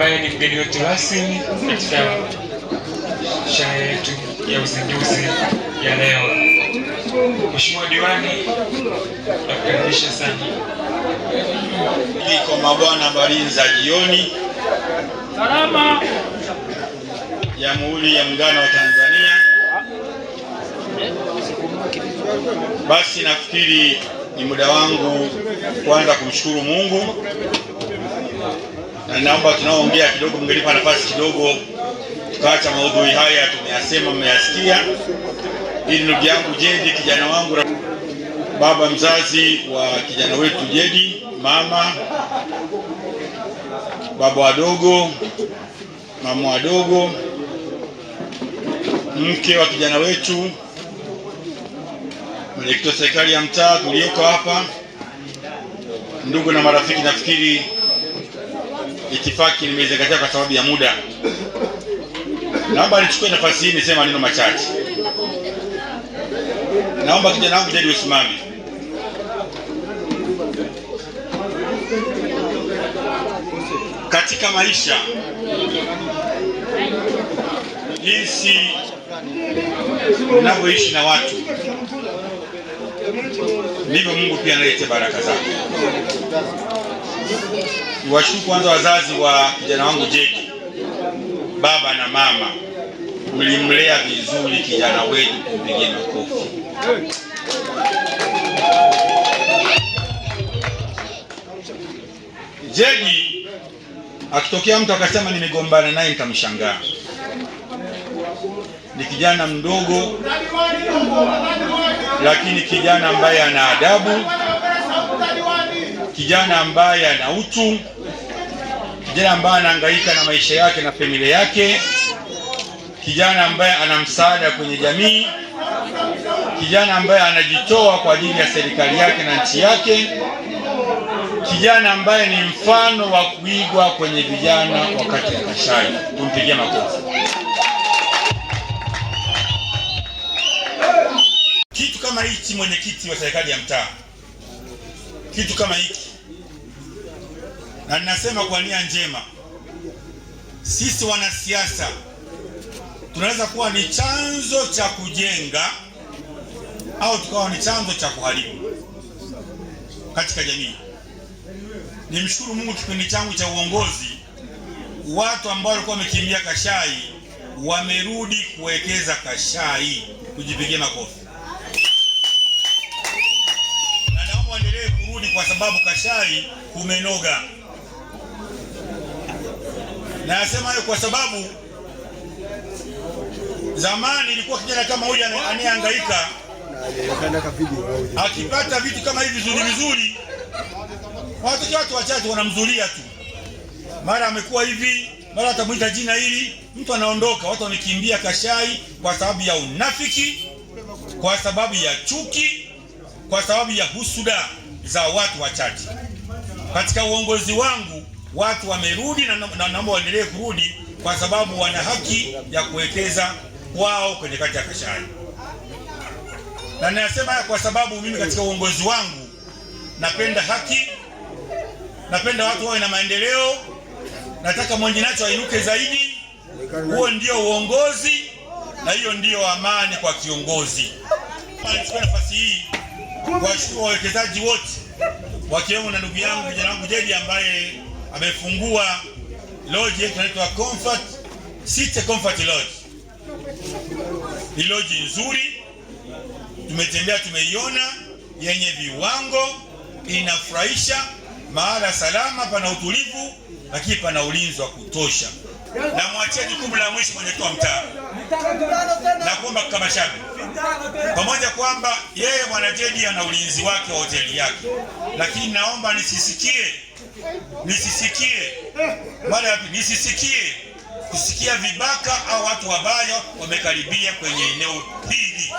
ambaye ni mgeni wetu rasmi katika shaa yetu ya uzinduzi ya leo. Mheshimiwa Diwani, nakukaribisha sana. Niko mabwana, habari za jioni. Salama. Jamhuri ya Muungano wa Tanzania. Basi nafikiri ni muda wangu kwanza kumshukuru Mungu na naomba tunaoongea kidogo mngelipa nafasi kidogo, tukaacha maudhui haya tumeyasema, mmeyasikia. Ili ndugu yangu Jedi, kijana wangu, baba mzazi wa kijana wetu Jedi, mama, baba wadogo, mama wadogo, mke wa kijana wetu, mwenyekiti wa serikali ya mtaa tulioko hapa, ndugu na marafiki, nafikiri itifaki nimeizingatia kwa sababu ya muda. Naomba nichukue nafasi hii nisema maneno machache. Naomba kijana wangu Jadi usimame. Katika maisha, jinsi unavyoishi na watu ndivyo Mungu pia analete baraka zake. Niwashukuru kwanza wazazi wa kijana wangu Jeki, baba na mama, mlimlea vizuri kijana wetu, kumpigia makofi. Jeki akitokea mtu akasema nimegombana naye, nitamshangaa. Ni kijana mdogo lakini kijana ambaye ana adabu, kijana ambaye ana utu, kijana ambaye anahangaika na maisha yake na familia yake, kijana ambaye ana msaada kwenye jamii, kijana ambaye anajitoa kwa ajili ya serikali yake na nchi yake, kijana ambaye ni mfano wa kuigwa kwenye vijana wakati wa Kashai. Tumpigie makofi. si mwenyekiti wa serikali ya mtaa, kitu kama hiki. Na ninasema kwa nia njema, sisi wanasiasa tunaweza kuwa ni chanzo cha kujenga au tukawa ni chanzo cha kuharibu katika jamii. Nimshukuru Mungu, kipindi changu cha uongozi, watu ambao walikuwa wamekimbia Kashai wamerudi kuwekeza Kashai. Kujipigia makofi. kwa sababu Kashai kumenoga. Nayasema hayo kwa sababu zamani ilikuwa kijana kama huyu anayehangaika akipata vitu kama hivi vizuri vizuri, watokea watu wachache wanamzulia tu, mara amekuwa hivi, mara atamwita jina hili, mtu anaondoka. Watu wamekimbia Kashai kwa sababu ya unafiki, kwa sababu ya chuki, kwa sababu ya husuda za watu wachache. Katika uongozi wangu watu wamerudi na naomba waendelee kurudi, kwa sababu wana haki ya kuwekeza wao kwenye kata ya Kashari. Na ninasema kwa sababu mimi katika uongozi wangu napenda haki, napenda watu wawe na maendeleo, nataka Mwanjinacho ainuke zaidi. Huo ndio uongozi na hiyo ndiyo amani kwa kiongozi. Nafasi hii kuwashukuru wawekezaji wote wakiwemo na ndugu yangu kijana wangu Jeje ambaye amefungua lodge yetu inaitwa Comfort City Comfort Lodge. Ni lodge nzuri, tumetembea tumeiona, yenye viwango, inafurahisha, mahala salama, pana utulivu, lakini pana ulinzi wa kutosha na mwachia jukumu la mwisho kwenye kwa mtaa na kuomba kama shabi pamoja kwamba yeye bwana Jedi ana ulinzi wake wa hoteli yake, lakini naomba nisisikie nisisikie mara yapi nisisikie kusikia vibaka au watu wabaya wamekaribia kwenye eneo hili.